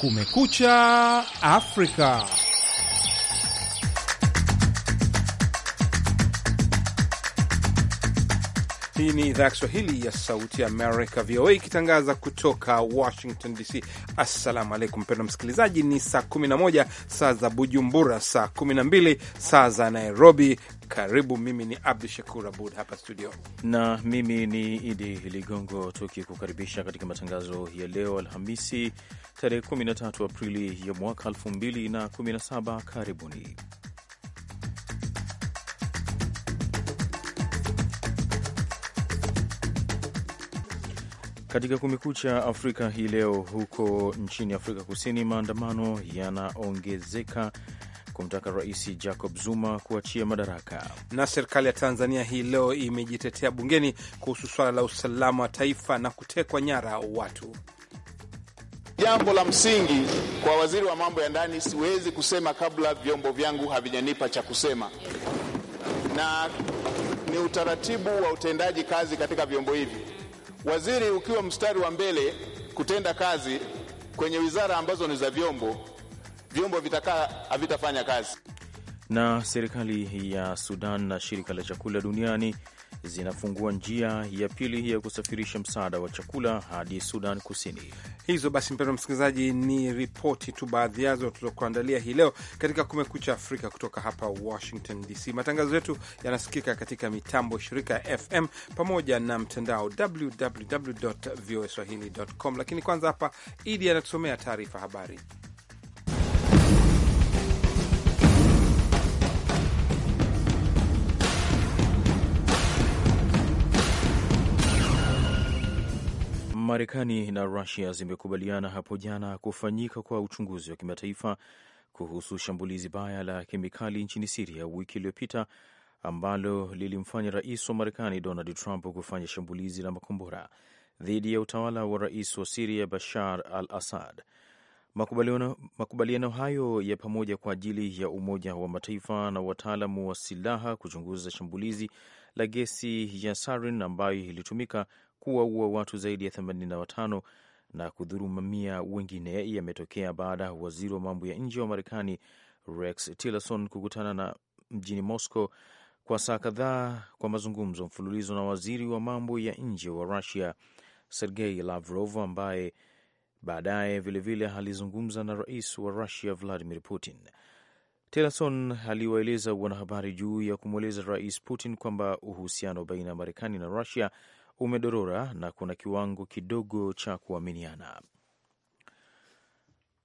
Kumekucha Afrika. Hii ni idhaa ya Kiswahili ya Sauti ya Amerika, VOA, ikitangaza kutoka Washington DC. Assalamu alaikum mpendwa msikilizaji, ni saa 11 saa za Bujumbura, saa 12 saa za Nairobi. Karibu. Mimi ni Abdu Shakur Abud hapa studio, na mimi ni Idi Ligongo, tukikukaribisha katika matangazo ya leo Alhamisi tarehe 13 Aprili ya mwaka 2017. Karibuni. Katika Kumekucha Afrika hii leo, huko nchini Afrika Kusini, maandamano yanaongezeka kumtaka Rais Jacob Zuma kuachia madaraka. Na serikali ya Tanzania hii leo imejitetea bungeni kuhusu swala la usalama wa taifa na kutekwa nyara watu. Jambo la msingi kwa waziri wa mambo ya ndani, siwezi kusema kabla vyombo vyangu havijanipa cha kusema, na ni utaratibu wa utendaji kazi katika vyombo hivi Waziri ukiwa mstari wa mbele kutenda kazi kwenye wizara ambazo ni za vyombo, vyombo vitakaa havitafanya kazi. Na serikali ya Sudan na shirika la chakula duniani zinafungua njia ya pili ya kusafirisha msaada wa chakula hadi Sudan Kusini. Hizo basi, mpendwa msikilizaji, ni ripoti tu baadhi yazo tulizokuandalia hii leo katika Kumekucha Afrika kutoka hapa Washington DC. Matangazo yetu yanasikika katika mitambo shirika ya FM pamoja na mtandao www voa com, lakini kwanza hapa Idi anatusomea taarifa habari. Marekani na Rusia zimekubaliana hapo jana kufanyika kwa uchunguzi wa kimataifa kuhusu shambulizi baya la kemikali nchini Siria wiki iliyopita ambalo lilimfanya rais wa Marekani Donald Trump kufanya shambulizi la makombora dhidi ya utawala wa rais wa Siria Bashar al Assad. Makubaliano, makubaliano hayo ya pamoja kwa ajili ya Umoja wa Mataifa na wataalamu wa silaha kuchunguza shambulizi la gesi ya sarin ambayo ilitumika kuwaua watu zaidi ya 85 na kudhuru mamia wengine yametokea baada ya waziri wa mambo ya nje wa Marekani Rex Tillerson kukutana na mjini Moscow kwa saa kadhaa kwa mazungumzo mfululizo na waziri wa mambo ya nje wa Russia Sergei Lavrov ambaye baadaye vilevile alizungumza na rais wa Russia Vladimir Putin. Tillerson aliwaeleza wanahabari juu ya kumweleza Rais Putin kwamba uhusiano baina ya Marekani na Russia umedorora na kuna kiwango kidogo cha kuaminiana.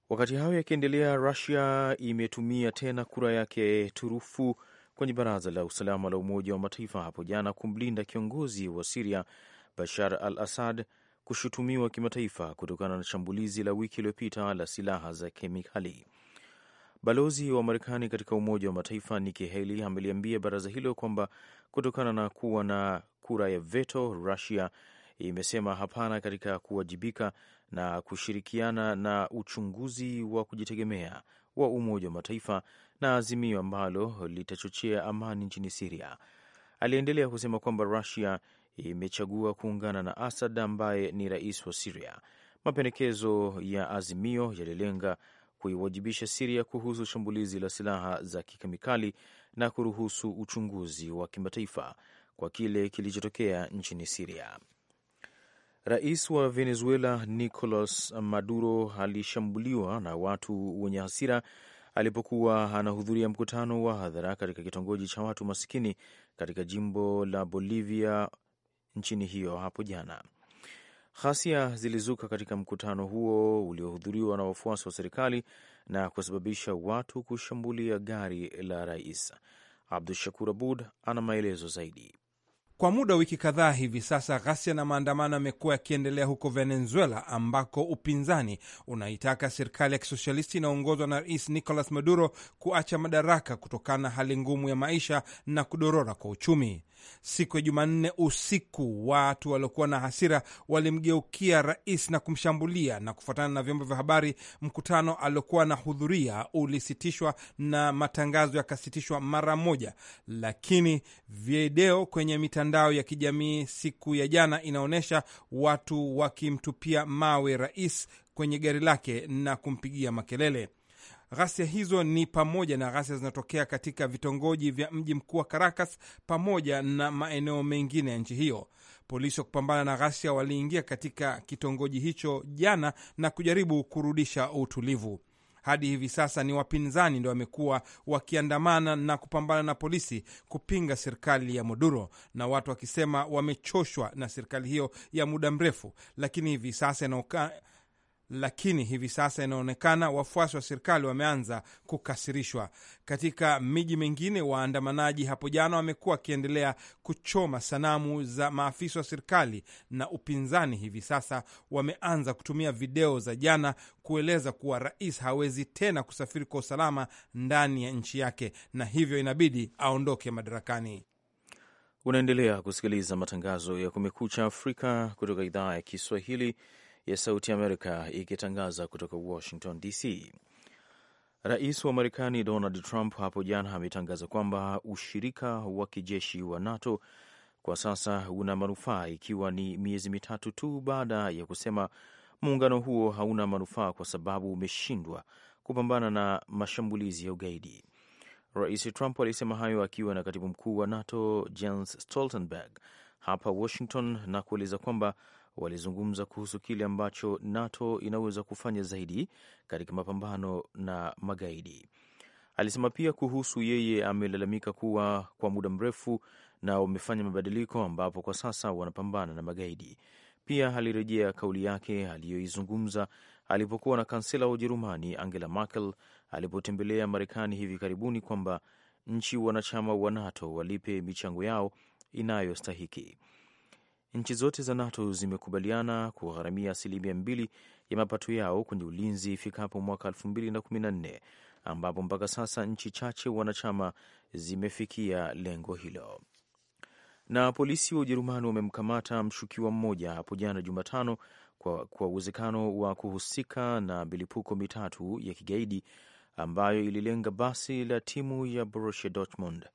Wakati hayo yakiendelea, Rusia imetumia tena kura yake turufu kwenye Baraza la Usalama la Umoja wa Mataifa hapo jana kumlinda kiongozi wa Siria Bashar al Assad kushutumiwa kimataifa kutokana na shambulizi la wiki iliyopita la silaha za kemikali. Balozi wa Marekani katika Umoja wa Mataifa Nikki Haley ameliambia baraza hilo kwamba kutokana na kuwa na kura ya veto, Rusia imesema hapana katika kuwajibika na kushirikiana na uchunguzi wa kujitegemea wa Umoja wa Mataifa na azimio ambalo litachochea amani nchini Siria. Aliendelea kusema kwamba Rusia imechagua kuungana na Asad ambaye ni rais wa Siria. Mapendekezo ya azimio yalilenga kuiwajibisha Siria kuhusu shambulizi la silaha za kikemikali na kuruhusu uchunguzi wa kimataifa kwa kile kilichotokea nchini Siria. Rais wa Venezuela Nicolas Maduro alishambuliwa na watu wenye hasira alipokuwa anahudhuria mkutano wa hadhara katika kitongoji cha watu masikini katika jimbo la Bolivia nchini hiyo hapo jana. Ghasia zilizuka katika mkutano huo uliohudhuriwa na wafuasi wa serikali na kusababisha watu kushambulia gari la rais. Abdu Shakur Abud ana maelezo zaidi. Kwa muda wa wiki kadhaa hivi sasa, ghasia na maandamano yamekuwa yakiendelea huko Venezuela, ambako upinzani unaitaka serikali ya kisosialisti inayoongozwa na Rais Nicolas Maduro kuacha madaraka kutokana na hali ngumu ya maisha na kudorora kwa uchumi siku ya Jumanne usiku, watu waliokuwa na hasira walimgeukia rais na kumshambulia, na kufuatana na vyombo vya habari, mkutano aliokuwa anahudhuria ulisitishwa na matangazo yakasitishwa mara moja, lakini video kwenye mitandao ya kijamii siku ya jana inaonyesha watu wakimtupia mawe rais kwenye gari lake na kumpigia makelele. Ghasia hizo ni pamoja na ghasia zinatokea katika vitongoji vya mji mkuu wa Caracas pamoja na maeneo mengine ya nchi hiyo. Polisi wa kupambana na ghasia waliingia katika kitongoji hicho jana na kujaribu kurudisha utulivu. Hadi hivi sasa ni wapinzani ndio wamekuwa wakiandamana na kupambana na polisi kupinga serikali ya Maduro, na watu wakisema wamechoshwa na serikali hiyo ya muda mrefu, lakini hivi sasa inaonekana lakini hivi sasa inaonekana wafuasi wa serikali wameanza kukasirishwa. Katika miji mingine, waandamanaji hapo jana wamekuwa wakiendelea kuchoma sanamu za maafisa wa serikali, na upinzani hivi sasa wameanza kutumia video za jana kueleza kuwa rais hawezi tena kusafiri kwa usalama ndani ya nchi yake, na hivyo inabidi aondoke madarakani. Unaendelea kusikiliza matangazo ya Kumekucha Afrika kutoka idhaa ya Kiswahili ya Sauti Amerika ikitangaza kutoka Washington DC. Rais wa Marekani Donald Trump hapo jana ametangaza kwamba ushirika wa kijeshi wa NATO kwa sasa una manufaa, ikiwa ni miezi mitatu tu baada ya kusema muungano huo hauna manufaa kwa sababu umeshindwa kupambana na mashambulizi ya ugaidi. Rais Trump alisema hayo akiwa na katibu mkuu wa NATO Jens Stoltenberg hapa Washington na kueleza kwamba walizungumza kuhusu kile ambacho NATO inaweza kufanya zaidi katika mapambano na magaidi. Alisema pia kuhusu yeye amelalamika kuwa kwa muda mrefu na wamefanya mabadiliko ambapo kwa sasa wanapambana na magaidi. Pia alirejea kauli yake aliyoizungumza alipokuwa na kansela wa Ujerumani Angela Merkel alipotembelea Marekani hivi karibuni kwamba nchi wanachama wa NATO walipe michango yao inayostahiki. Nchi zote za NATO zimekubaliana kugharamia asilimia mbili ya mapato yao kwenye ulinzi ifikapo mwaka 2014 ambapo mpaka sasa nchi chache wanachama zimefikia lengo hilo. Na polisi wa Ujerumani wamemkamata mshukiwa mmoja hapo jana Jumatano kwa uwezekano wa kuhusika na milipuko mitatu ya kigaidi ambayo ililenga basi la timu ya Borussia Dortmund.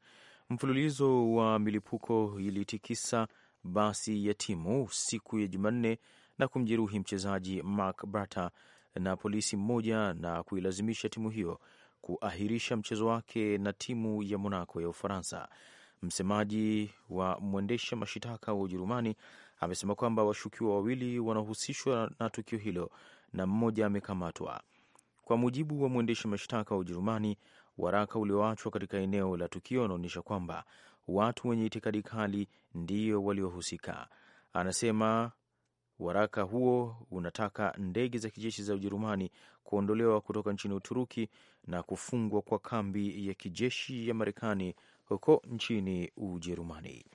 Mfululizo wa milipuko ilitikisa basi ya timu siku ya Jumanne na kumjeruhi mchezaji Mark Bartra na polisi mmoja na kuilazimisha timu hiyo kuahirisha mchezo wake na timu ya Monaco ya Ufaransa. Msemaji wa mwendesha mashitaka wa Ujerumani amesema kwamba washukiwa wawili wanahusishwa na tukio hilo na mmoja amekamatwa. Kwa mujibu wa mwendesha mashtaka wa Ujerumani, waraka ulioachwa katika eneo la tukio unaonyesha kwamba watu wenye itikadi kali ndio waliohusika. Anasema waraka huo unataka ndege za kijeshi za Ujerumani kuondolewa kutoka nchini Uturuki na kufungwa kwa kambi ya kijeshi ya Marekani huko nchini Ujerumani.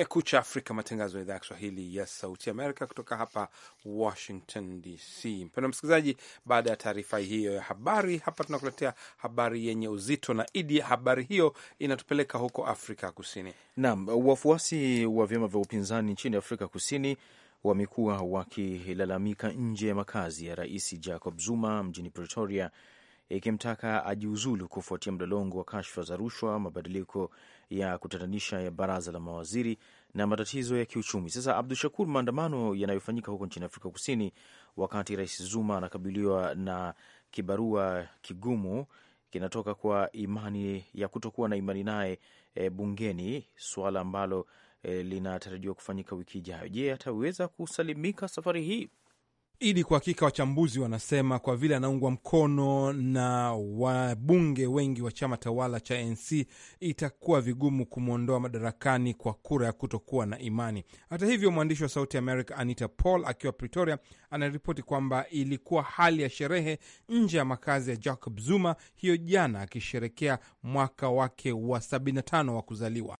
kumekucha afrika matangazo ya idhaa ya kiswahili ya sauti amerika kutoka hapa washington dc mpendwa msikilizaji baada ya taarifa hiyo ya habari hapa tunakuletea habari yenye uzito na idi habari hiyo inatupeleka huko afrika kusini naam wafuasi wa vyama vya upinzani nchini afrika kusini wamekuwa wakilalamika nje ya makazi ya rais jacob zuma mjini pretoria ikimtaka ajiuzulu kufuatia mlolongo wa kashfa za rushwa, mabadiliko ya kutatanisha ya baraza la mawaziri na matatizo ya kiuchumi. Sasa Abdu Shakur, maandamano yanayofanyika huko nchini Afrika Kusini wakati Rais Zuma anakabiliwa na kibarua kigumu kinatoka kwa imani ya kutokuwa na imani naye e, bungeni, suala ambalo e, linatarajiwa kufanyika wiki ijayo. Je, ataweza kusalimika safari hii? Ili kwa hakika wachambuzi wanasema kwa vile anaungwa mkono na wabunge wengi wa chama tawala cha NC itakuwa vigumu kumwondoa madarakani kwa kura ya kutokuwa na imani. Hata hivyo, mwandishi wa Sauti America Anita Paul akiwa Pretoria anaripoti kwamba ilikuwa hali ya sherehe nje ya makazi ya Jacob Zuma hiyo jana, akisherekea mwaka wake wa 75 wa kuzaliwa.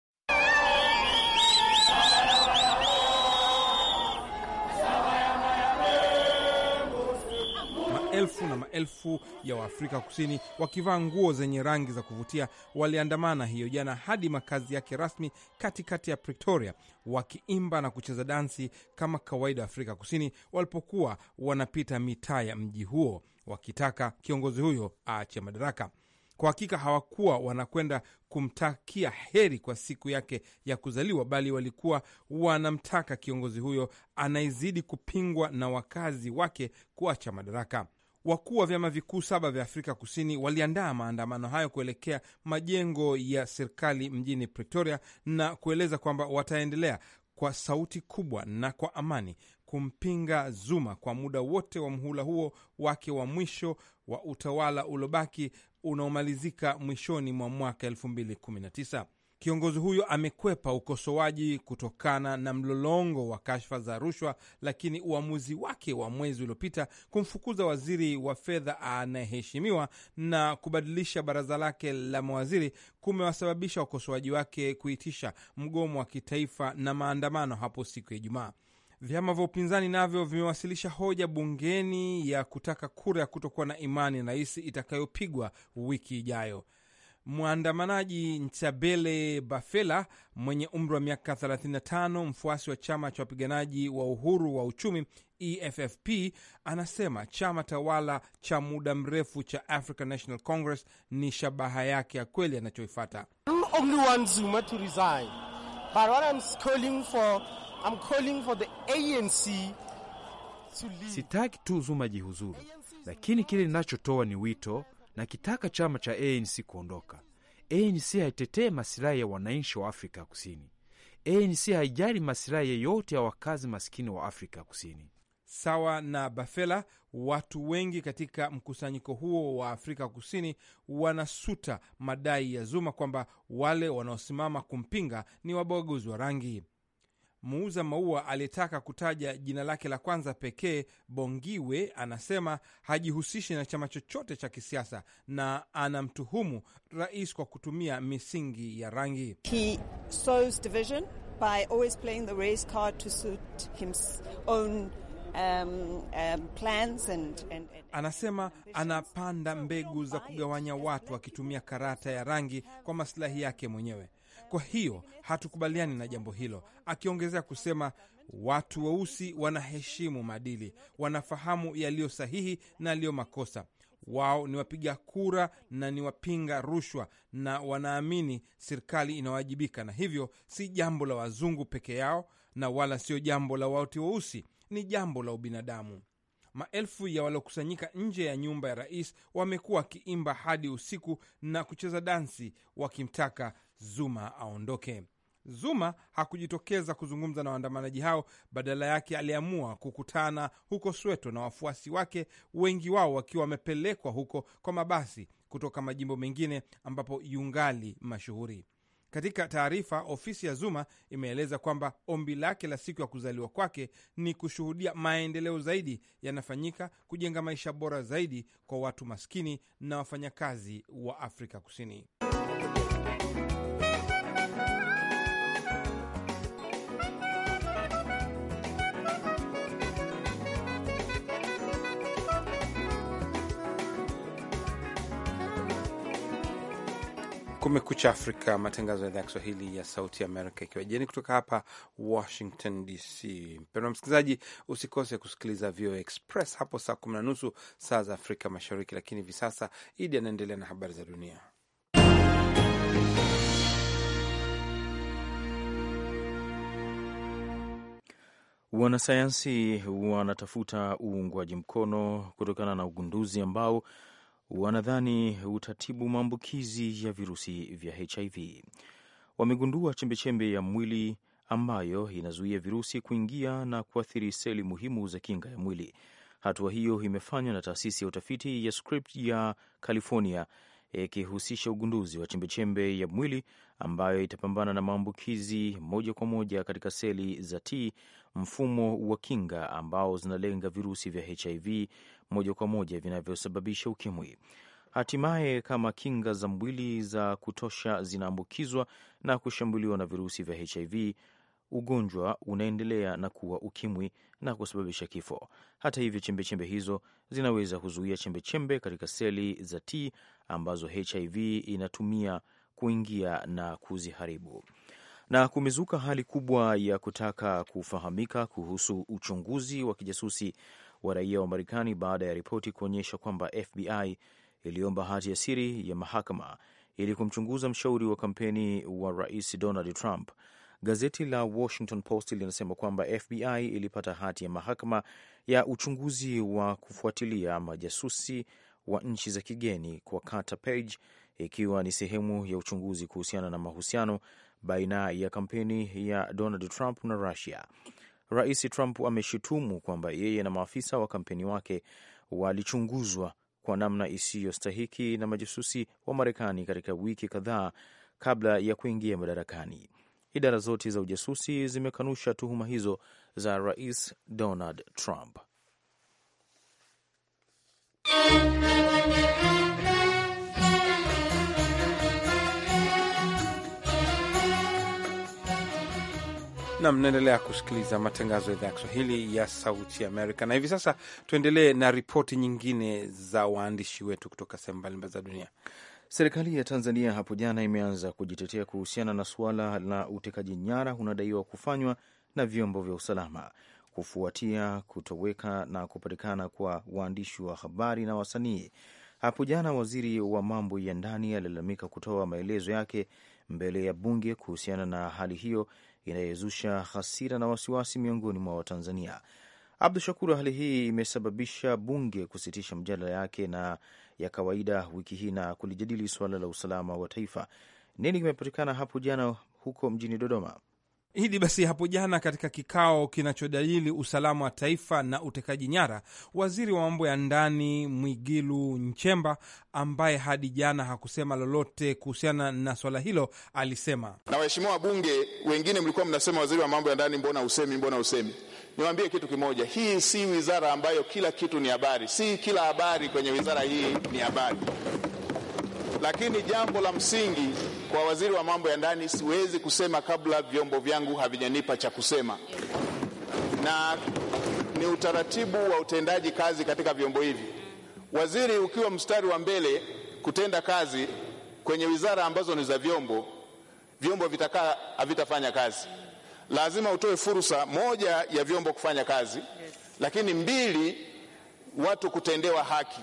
maelfu na maelfu ya Waafrika Kusini wakivaa nguo zenye rangi za kuvutia waliandamana hiyo jana hadi makazi yake rasmi katikati ya Pretoria, wakiimba na kucheza dansi kama kawaida Afrika Kusini walipokuwa wanapita mitaa ya mji huo wakitaka kiongozi huyo aache madaraka. Kwa hakika hawakuwa wanakwenda kumtakia heri kwa siku yake ya kuzaliwa, bali walikuwa wanamtaka kiongozi huyo anayezidi kupingwa na wakazi wake kuacha madaraka. Wakuu wa vyama vikuu saba vya Afrika Kusini waliandaa maandamano hayo kuelekea majengo ya serikali mjini Pretoria na kueleza kwamba wataendelea kwa sauti kubwa na kwa amani kumpinga Zuma kwa muda wote wa mhula huo wake wa mwisho wa utawala uliobaki unaomalizika mwishoni mwa mwaka 2019. Kiongozi huyo amekwepa ukosoaji kutokana na mlolongo wa kashfa za rushwa, lakini uamuzi wake wa mwezi uliopita kumfukuza waziri wa fedha anayeheshimiwa na kubadilisha baraza lake la mawaziri kumewasababisha ukosoaji wake kuitisha mgomo wa kitaifa na maandamano hapo siku ya Ijumaa. Vyama vya upinzani navyo vimewasilisha hoja bungeni ya kutaka kura ya kutokuwa na imani rais itakayopigwa wiki ijayo. Mwandamanaji Nsabele Bafela mwenye umri wa miaka 35, mfuasi wa chama cha wapiganaji wa uhuru wa uchumi EFFP, anasema chama tawala cha muda mrefu cha African National Congress ni shabaha yake ya kweli anachoifata. Sitaki tu Zuma jihuzuru, lakini kile ninachotoa ni wito na kitaka chama cha ANC kuondoka. ANC haitetee masilahi ya wananchi wa Afrika Kusini. ANC haijali masilahi yeyote ya wakazi maskini wa Afrika Kusini. Sawa na Bafela, watu wengi katika mkusanyiko huo wa Afrika Kusini wanasuta madai ya Zuma kwamba wale wanaosimama kumpinga ni wabaguzi wa rangi. Muuza maua aliyetaka kutaja jina lake la kwanza pekee, Bongiwe, anasema hajihusishi na chama chochote cha kisiasa na anamtuhumu rais kwa kutumia misingi ya rangi. He sows division by always playing the race card to suit his own Um, um, plans and, and, and anasema anapanda mbegu za kugawanya watu akitumia karata ya rangi kwa masilahi yake mwenyewe. Kwa hiyo hatukubaliani na jambo hilo, akiongezea kusema watu weusi wanaheshimu maadili, wanafahamu yaliyo sahihi na yaliyo makosa. Wao ni wapiga kura na ni wapinga rushwa, na wanaamini serikali inawajibika, na hivyo si jambo la wazungu peke yao na wala sio jambo la watu weusi, ni jambo la ubinadamu. Maelfu ya waliokusanyika nje ya nyumba ya rais wamekuwa wakiimba hadi usiku na kucheza dansi wakimtaka Zuma aondoke. Zuma hakujitokeza kuzungumza na waandamanaji hao, badala yake aliamua kukutana huko sweto na wafuasi wake, wengi wao wakiwa wamepelekwa huko kwa mabasi kutoka majimbo mengine ambapo yungali mashuhuri. Katika taarifa, ofisi ya Zuma imeeleza kwamba ombi lake la siku ya kuzaliwa kwake ni kushuhudia maendeleo zaidi yanafanyika kujenga maisha bora zaidi kwa watu maskini na wafanyakazi wa Afrika Kusini. Kumekucha Afrika, matangazo ya idhaa ya Kiswahili ya Sauti Amerika, ikiwa jeni kutoka hapa Washington DC. Mpendwa msikilizaji, usikose kusikiliza VOA Express hapo saa kumi na nusu saa za Afrika Mashariki, lakini hivi sasa Idi anaendelea na habari za dunia. Wanasayansi wanatafuta uungwaji mkono kutokana na ugunduzi ambao wanadhani utatibu maambukizi ya virusi vya HIV. Wamegundua chembechembe ya mwili ambayo inazuia virusi kuingia na kuathiri seli muhimu za kinga ya mwili. Hatua hiyo imefanywa na taasisi ya utafiti ya Script ya California ikihusisha ugunduzi wa chembechembe ya mwili ambayo itapambana na maambukizi moja kwa moja katika seli za T, mfumo wa kinga ambao zinalenga virusi vya HIV moja kwa moja vinavyosababisha ukimwi. Hatimaye, kama kinga za mwili za kutosha zinaambukizwa na kushambuliwa na virusi vya HIV, ugonjwa unaendelea na kuwa ukimwi na kusababisha kifo. Hata hivyo, chembechembe hizo zinaweza kuzuia chembechembe katika seli za T ambazo HIV inatumia kuingia na kuziharibu. Na kumezuka hali kubwa ya kutaka kufahamika kuhusu uchunguzi wa kijasusi wa raia wa Marekani baada ya ripoti kuonyesha kwamba FBI iliomba hati ya siri ya mahakama ili kumchunguza mshauri wa kampeni wa rais Donald Trump. Gazeti la Washington Post linasema kwamba FBI ilipata hati ya mahakama ya uchunguzi wa kufuatilia majasusi wa nchi za kigeni kwa Carter Page, ikiwa ni sehemu ya uchunguzi kuhusiana na mahusiano baina ya kampeni ya Donald Trump na Russia. Rais Trump ameshutumu kwamba yeye na maafisa wa kampeni wake walichunguzwa kwa namna isiyostahiki na majasusi wa Marekani katika wiki kadhaa kabla ya kuingia madarakani. Idara zote za ujasusi zimekanusha tuhuma hizo za Rais Donald Trump. na mnaendelea kusikiliza matangazo ya idhaa ya Kiswahili ya Sauti Amerika. Na hivi sasa tuendelee na ripoti nyingine za waandishi wetu kutoka sehemu mbalimbali za dunia. Serikali ya Tanzania hapo jana imeanza kujitetea kuhusiana na suala la utekaji nyara unadaiwa kufanywa na vyombo vya usalama kufuatia kutoweka na kupatikana kwa waandishi wa habari na wasanii. Hapo jana waziri wa mambo ya ndani alilalamika kutoa maelezo yake mbele ya bunge kuhusiana na hali hiyo inayozusha hasira na wasiwasi miongoni mwa Watanzania. Abdu Shakur, hali hii imesababisha bunge kusitisha mjadala yake na ya kawaida wiki hii na kulijadili suala la usalama wa taifa. Nini kimepatikana hapo jana huko mjini Dodoma? Hidi basi, hapo jana katika kikao kinachodalili usalama wa taifa na utekaji nyara, waziri wa mambo ya ndani Mwigilu Nchemba, ambaye hadi jana hakusema lolote kuhusiana na swala hilo, alisema na waheshimiwa wabunge wengine mlikuwa mnasema, waziri wa mambo ya ndani, mbona usemi, mbona usemi? Niwaambie kitu kimoja, hii si wizara ambayo kila kitu ni habari. Si kila habari kwenye wizara hii ni habari, lakini jambo la msingi kwa waziri wa mambo ya ndani siwezi kusema kabla vyombo vyangu havijanipa cha kusema, na ni utaratibu wa utendaji kazi katika vyombo hivi. Waziri ukiwa mstari wa mbele kutenda kazi kwenye wizara ambazo ni za vyombo, vyombo vitakaa havitafanya kazi. Lazima utoe fursa moja ya vyombo kufanya kazi, lakini mbili, watu kutendewa haki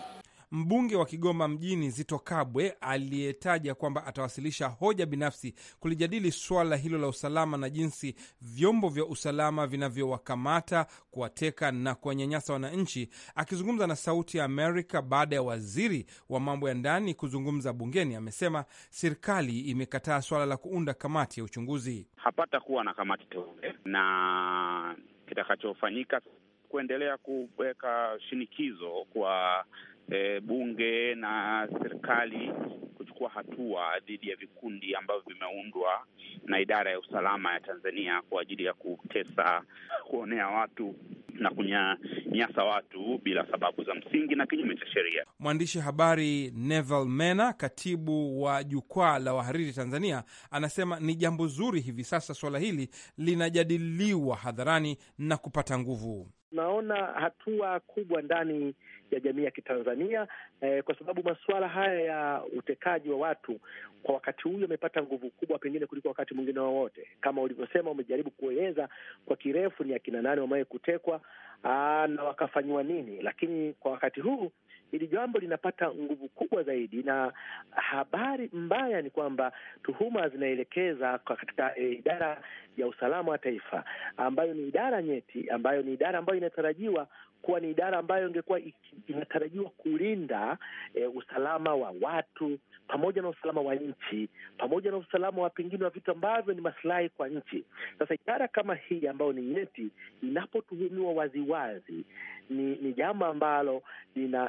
mbunge wa Kigoma mjini Zito Kabwe aliyetaja kwamba atawasilisha hoja binafsi kulijadili swala hilo la usalama na jinsi vyombo vya usalama vinavyowakamata, kuwateka na kuwanyanyasa wananchi. Akizungumza na Sauti ya Amerika baada ya waziri wa mambo ya ndani kuzungumza bungeni, amesema serikali imekataa swala la kuunda kamati ya uchunguzi. Hapata kuwa na kamati teule na kitakachofanyika kuendelea kuweka shinikizo kwa e, bunge na serikali kuchukua hatua dhidi ya vikundi ambavyo vimeundwa na idara ya usalama ya Tanzania kwa ajili ya kutesa, kuonea watu na kunyanyasa watu bila sababu za msingi na kinyume cha sheria. Mwandishi habari nevel Mena, katibu wa Jukwaa la Wahariri Tanzania, anasema ni jambo zuri hivi sasa suala hili linajadiliwa hadharani na kupata nguvu. Naona hatua kubwa ndani ya jamii ya Kitanzania eh, kwa sababu masuala haya ya utekaji wa watu kwa wakati huu yamepata nguvu kubwa pengine kuliko wakati mwingine wowote. Kama ulivyosema, umejaribu kueleza kwa kirefu ni akina nane wamewahi kutekwa aa, ah, na wakafanyiwa nini, lakini kwa wakati huu hili jambo linapata nguvu kubwa zaidi, na habari mbaya ni kwamba tuhuma zinaelekeza katika e, idara ya usalama wa taifa ambayo ni idara nyeti, ambayo ni idara ambayo inatarajiwa kuwa ni idara ambayo ingekuwa inatarajiwa kulinda e, usalama wa watu pamoja na usalama wa nchi pamoja na usalama wa pengine wa vitu ambavyo ni masilahi kwa nchi. Sasa idara kama hii ambayo ni nyeti inapotuhumiwa waziwazi, ni, ni jambo ambalo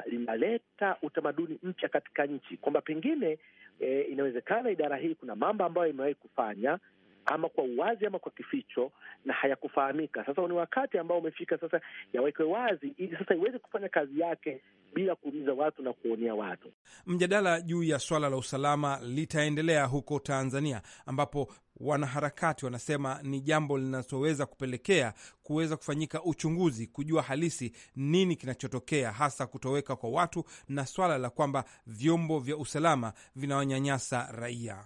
linaleta utamaduni mpya katika nchi kwamba pengine e, inawezekana idara hii kuna mambo ambayo imewahi kufanya ama kwa uwazi ama kwa kificho, na hayakufahamika. Sasa ni wakati ambao umefika sasa yawekwe wazi, ili sasa iweze kufanya kazi yake bila kuumiza watu na kuonea watu. Mjadala juu ya swala la usalama litaendelea huko Tanzania, ambapo wanaharakati wanasema ni jambo linazoweza kupelekea kuweza kufanyika uchunguzi, kujua halisi nini kinachotokea, hasa kutoweka kwa watu na swala la kwamba vyombo vya usalama vinawanyanyasa raia.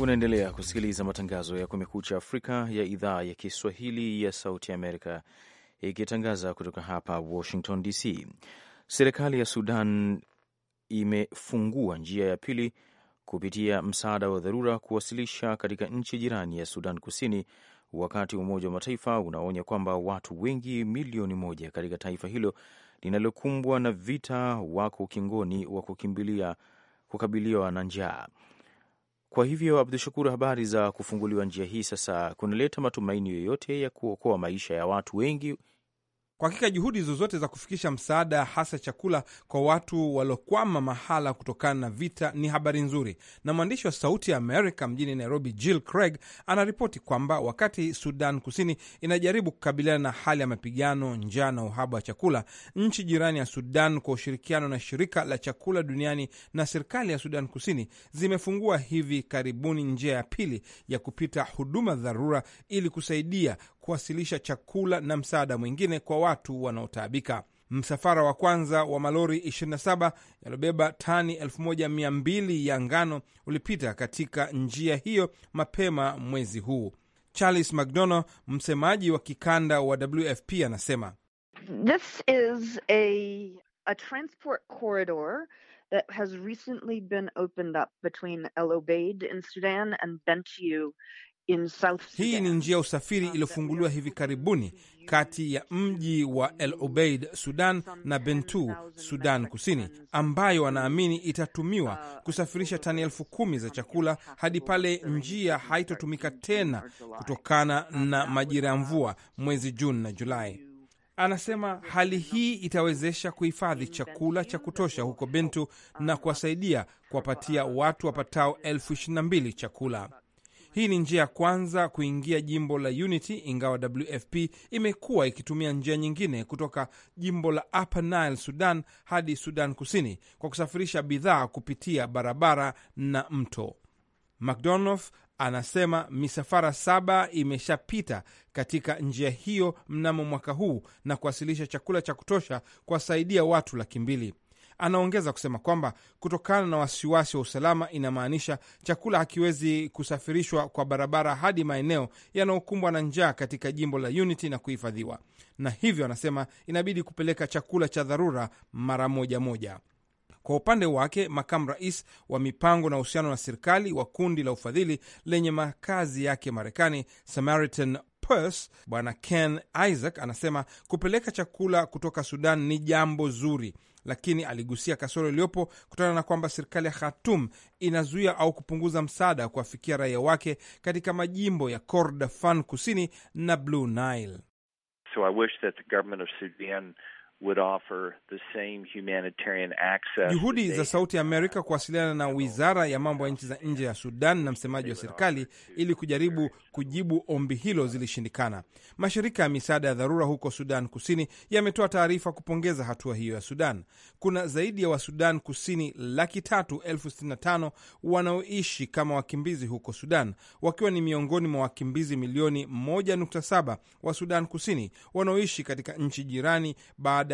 Unaendelea kusikiliza matangazo ya Kumekucha Afrika ya idhaa ya Kiswahili ya Sauti Amerika ikitangaza kutoka hapa Washington DC. Serikali ya Sudan imefungua njia ya pili kupitia msaada wa dharura kuwasilisha katika nchi jirani ya Sudan Kusini, wakati Umoja wa Mataifa unaonya kwamba watu wengi milioni moja katika taifa hilo linalokumbwa na vita wako ukingoni wa kukimbilia kukabiliwa na njaa. Kwa hivyo, Abdu Shakur, habari za kufunguliwa njia hii sasa kunaleta matumaini yoyote ya kuokoa maisha ya watu wengi kwa hakika juhudi zozote za kufikisha msaada, hasa chakula, kwa watu waliokwama mahala kutokana na vita ni habari nzuri, na mwandishi wa Sauti ya Amerika mjini Nairobi, Jill Craig anaripoti kwamba wakati Sudan Kusini inajaribu kukabiliana na hali ya mapigano, njaa na uhaba wa chakula, nchi jirani ya Sudan kwa ushirikiano na Shirika la Chakula Duniani na serikali ya Sudan Kusini zimefungua hivi karibuni njia ya pili ya kupita huduma dharura ili kusaidia kuwasilisha chakula na msaada mwingine kwa watu wanaotaabika. Msafara wa kwanza wa malori 27 yaliyobeba tani 1200 ya ngano ulipita katika njia hiyo mapema mwezi huu. Charles McDonough, msemaji wa kikanda wa WFP, anasema This is a, a transport corridor that has recently been opened up between El Obeid in Sudan and Bentiu hii ni njia ya usafiri iliyofunguliwa hivi karibuni kati ya mji wa El Obeid, Sudan na bentu Sudan Kusini, ambayo wanaamini itatumiwa kusafirisha tani elfu kumi za chakula hadi pale njia haitotumika tena kutokana na majira ya mvua mwezi Juni na Julai. Anasema hali hii itawezesha kuhifadhi chakula cha kutosha huko bentu na kuwasaidia kuwapatia watu wapatao elfu ishirini na mbili chakula. Hii ni njia ya kwanza kuingia jimbo la Unity, ingawa WFP imekuwa ikitumia njia nyingine kutoka jimbo la Upper Nile, Sudan, hadi Sudan Kusini kwa kusafirisha bidhaa kupitia barabara na mto. McDonough anasema misafara saba imeshapita katika njia hiyo mnamo mwaka huu na kuwasilisha chakula cha kutosha kuwasaidia watu laki mbili. Anaongeza kusema kwamba kutokana na wasiwasi wa usalama, inamaanisha chakula hakiwezi kusafirishwa kwa barabara hadi maeneo yanayokumbwa na njaa katika jimbo la Unity na kuhifadhiwa, na hivyo anasema inabidi kupeleka chakula cha dharura mara moja moja. Kwa upande wake makamu rais wa mipango na uhusiano na serikali wa kundi la ufadhili lenye makazi yake Marekani, Samaritan Perth, Bwana Ken Isaac anasema kupeleka chakula kutoka Sudan ni jambo zuri, lakini aligusia kasoro iliyopo kutokana na kwamba serikali ya Khartoum inazuia au kupunguza msaada wa kuwafikia raia wake katika majimbo ya Kordofan kusini na Blue Nile. So I wish that the government of Sudan would offer the same humanitarian access. Juhudi za Sauti ya Amerika kuwasiliana na Wizara ya Mambo ya Nchi za Nje ya Sudan na msemaji wa serikali ili kujaribu kujibu ombi hilo zilishindikana. Mashirika ya misaada ya dharura huko Sudan Kusini yametoa taarifa kupongeza hatua hiyo ya Sudan. Kuna zaidi ya Wasudan Kusini laki tatu elfu sitini na tano wanaoishi kama wakimbizi huko Sudan, wakiwa ni miongoni mwa wakimbizi milioni 1.7 wa Sudan Kusini wanaoishi katika nchi jirani baada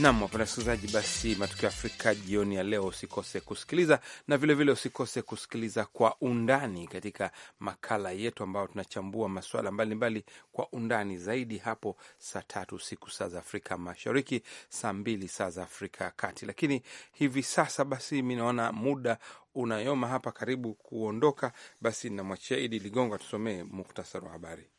Nam, wapenda wasikilizaji, basi matukio ya Afrika jioni ya leo usikose kusikiliza, na vilevile vile usikose kusikiliza kwa undani katika makala yetu ambayo tunachambua masuala mbalimbali mbali kwa undani zaidi hapo saa tatu usiku saa za Afrika Mashariki, saa mbili saa za Afrika ya Kati. Lakini hivi sasa basi, mi naona muda unayoma hapa karibu kuondoka, basi namwachia Idi Ligongo atusomee muktasari wa habari.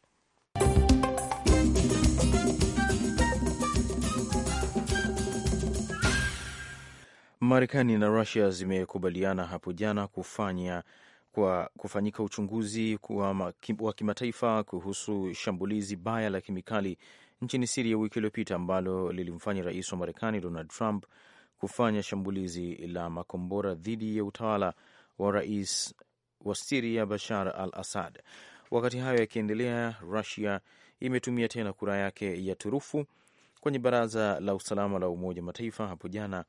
Marekani na Rusia zimekubaliana hapo jana kufanya kwa kufanyika uchunguzi wa kimataifa kuhusu shambulizi baya la kemikali nchini Siria wiki iliyopita ambalo lilimfanya rais wa Marekani Donald Trump kufanya shambulizi la makombora dhidi ya utawala wa rais wa Siria Bashar al Assad. Wakati hayo yakiendelea, Rusia imetumia tena kura yake ya turufu kwenye Baraza la Usalama la Umoja wa Mataifa hapo jana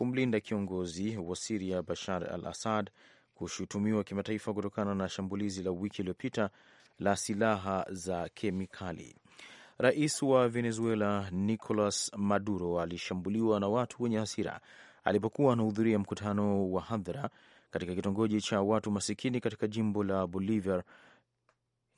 kumlinda kiongozi wa Siria Bashar al Assad kushutumiwa kimataifa kutokana na shambulizi la wiki iliyopita la silaha za kemikali. Rais wa Venezuela Nicolas Maduro alishambuliwa na watu wenye hasira alipokuwa anahudhuria mkutano wa hadhara katika kitongoji cha watu masikini katika jimbo la Bolivar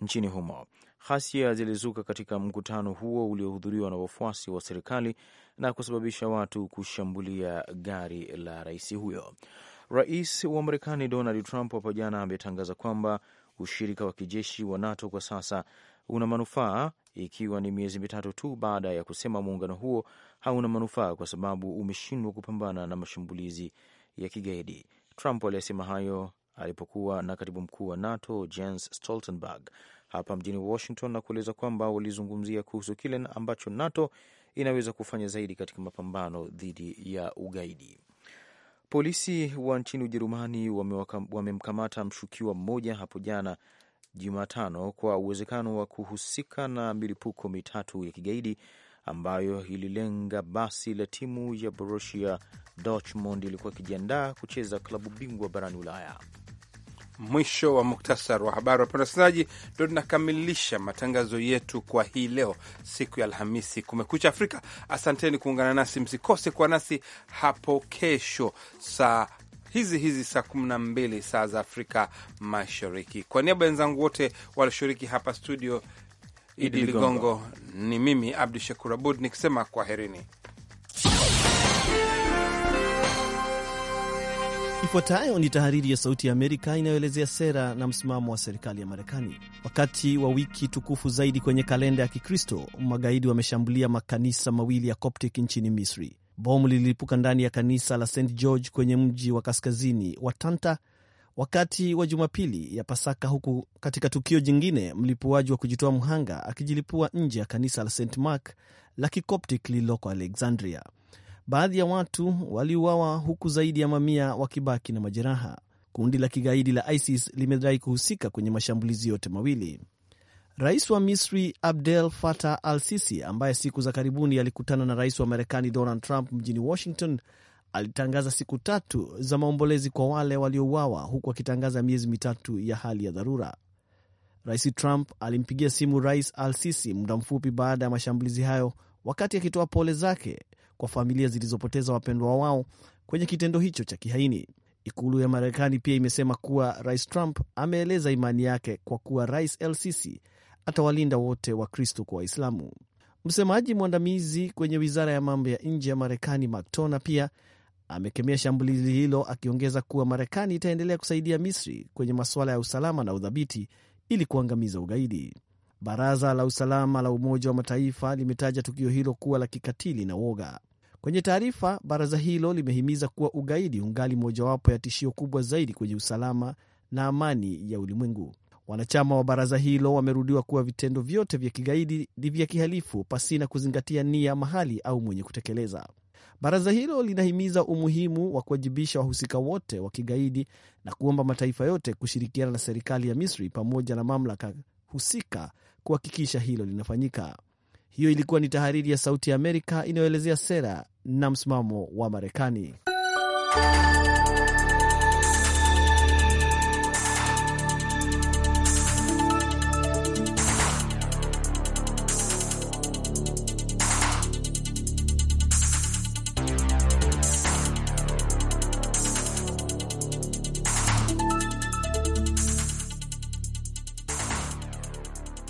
nchini humo. Ghasia zilizuka katika mkutano huo uliohudhuriwa na wafuasi wa serikali na kusababisha watu kushambulia gari la rais huyo. Rais wa Marekani Donald Trump hapo jana ametangaza kwamba ushirika wa kijeshi wa NATO kwa sasa una manufaa, ikiwa ni miezi mitatu tu baada ya kusema muungano huo hauna manufaa kwa sababu umeshindwa kupambana na mashambulizi ya kigaidi. Trump aliyesema hayo alipokuwa na katibu mkuu wa NATO Jens Stoltenberg hapa mjini Washington na kueleza kwamba walizungumzia kuhusu kile ambacho NATO inaweza kufanya zaidi katika mapambano dhidi ya ugaidi. Polisi wa nchini Ujerumani wamemkamata wame mshukiwa mmoja hapo jana Jumatano kwa uwezekano wa kuhusika na milipuko mitatu ya kigaidi ambayo ililenga basi la timu ya Borussia Dortmund ilikuwa ikijiandaa kucheza klabu bingwa barani Ulaya mwisho wa muktasar wa habari. Wapenda wasikilizaji, ndo tunakamilisha matangazo yetu kwa hii leo, siku ya Alhamisi, Kumekucha Afrika. Asanteni kuungana nasi, msikose kuwa nasi hapo kesho saa hizi hizi saa kumi na mbili saa za Afrika Mashariki. Kwa niaba ya wenzangu wote walioshiriki hapa studio, Idi Ligongo, ni mimi Abdu Shakur Abud nikisema kwaherini. Ifuatayo ni tahariri ya Sauti ya Amerika inayoelezea sera na msimamo wa serikali ya Marekani. Wakati wa wiki tukufu zaidi kwenye kalenda ya Kikristo, magaidi wameshambulia makanisa mawili ya Coptic nchini Misri. Bomu lililipuka ndani ya kanisa la St George kwenye mji wa kaskazini wa Tanta wakati wa Jumapili ya Pasaka, huku katika tukio jingine mlipuaji wa kujitoa mhanga akijilipua nje ya kanisa la St Mark la Kikoptic lililoko Alexandria. Baadhi ya watu waliuawa huku zaidi ya mamia wakibaki na majeraha. Kundi la kigaidi la ISIS limedai kuhusika kwenye mashambulizi yote mawili. Rais wa Misri Abdel Fattah al Sisi, ambaye siku za karibuni alikutana na rais wa Marekani Donald Trump mjini Washington, alitangaza siku tatu za maombolezi kwa wale waliouawa, huku akitangaza miezi mitatu ya hali ya dharura. Rais Trump alimpigia simu Rais al Sisi muda mfupi baada ya mashambulizi hayo, wakati akitoa pole zake kwa familia zilizopoteza wapendwa wao kwenye kitendo hicho cha kihaini. Ikulu ya Marekani pia imesema kuwa Rais Trump ameeleza imani yake kwa kuwa Rais El Sisi atawalinda wote Wakristo kwa Waislamu. Msemaji mwandamizi kwenye wizara ya mambo ya nje ya Marekani Mactona pia amekemea shambulizi hilo, akiongeza kuwa Marekani itaendelea kusaidia Misri kwenye masuala ya usalama na udhabiti ili kuangamiza ugaidi. Baraza la usalama la Umoja wa Mataifa limetaja tukio hilo kuwa la kikatili na woga. Kwenye taarifa, baraza hilo limehimiza kuwa ugaidi ungali mojawapo ya tishio kubwa zaidi kwenye usalama na amani ya ulimwengu. Wanachama wa baraza hilo wamerudiwa kuwa vitendo vyote vya kigaidi ni vya kihalifu pasina kuzingatia nia, mahali au mwenye kutekeleza. Baraza hilo linahimiza umuhimu wa kuwajibisha wahusika wote wa kigaidi na kuomba mataifa yote kushirikiana na serikali ya Misri pamoja na mamlaka husika kuhakikisha hilo linafanyika. Hiyo ilikuwa ni tahariri ya Sauti ya Amerika inayoelezea sera na msimamo wa Marekani.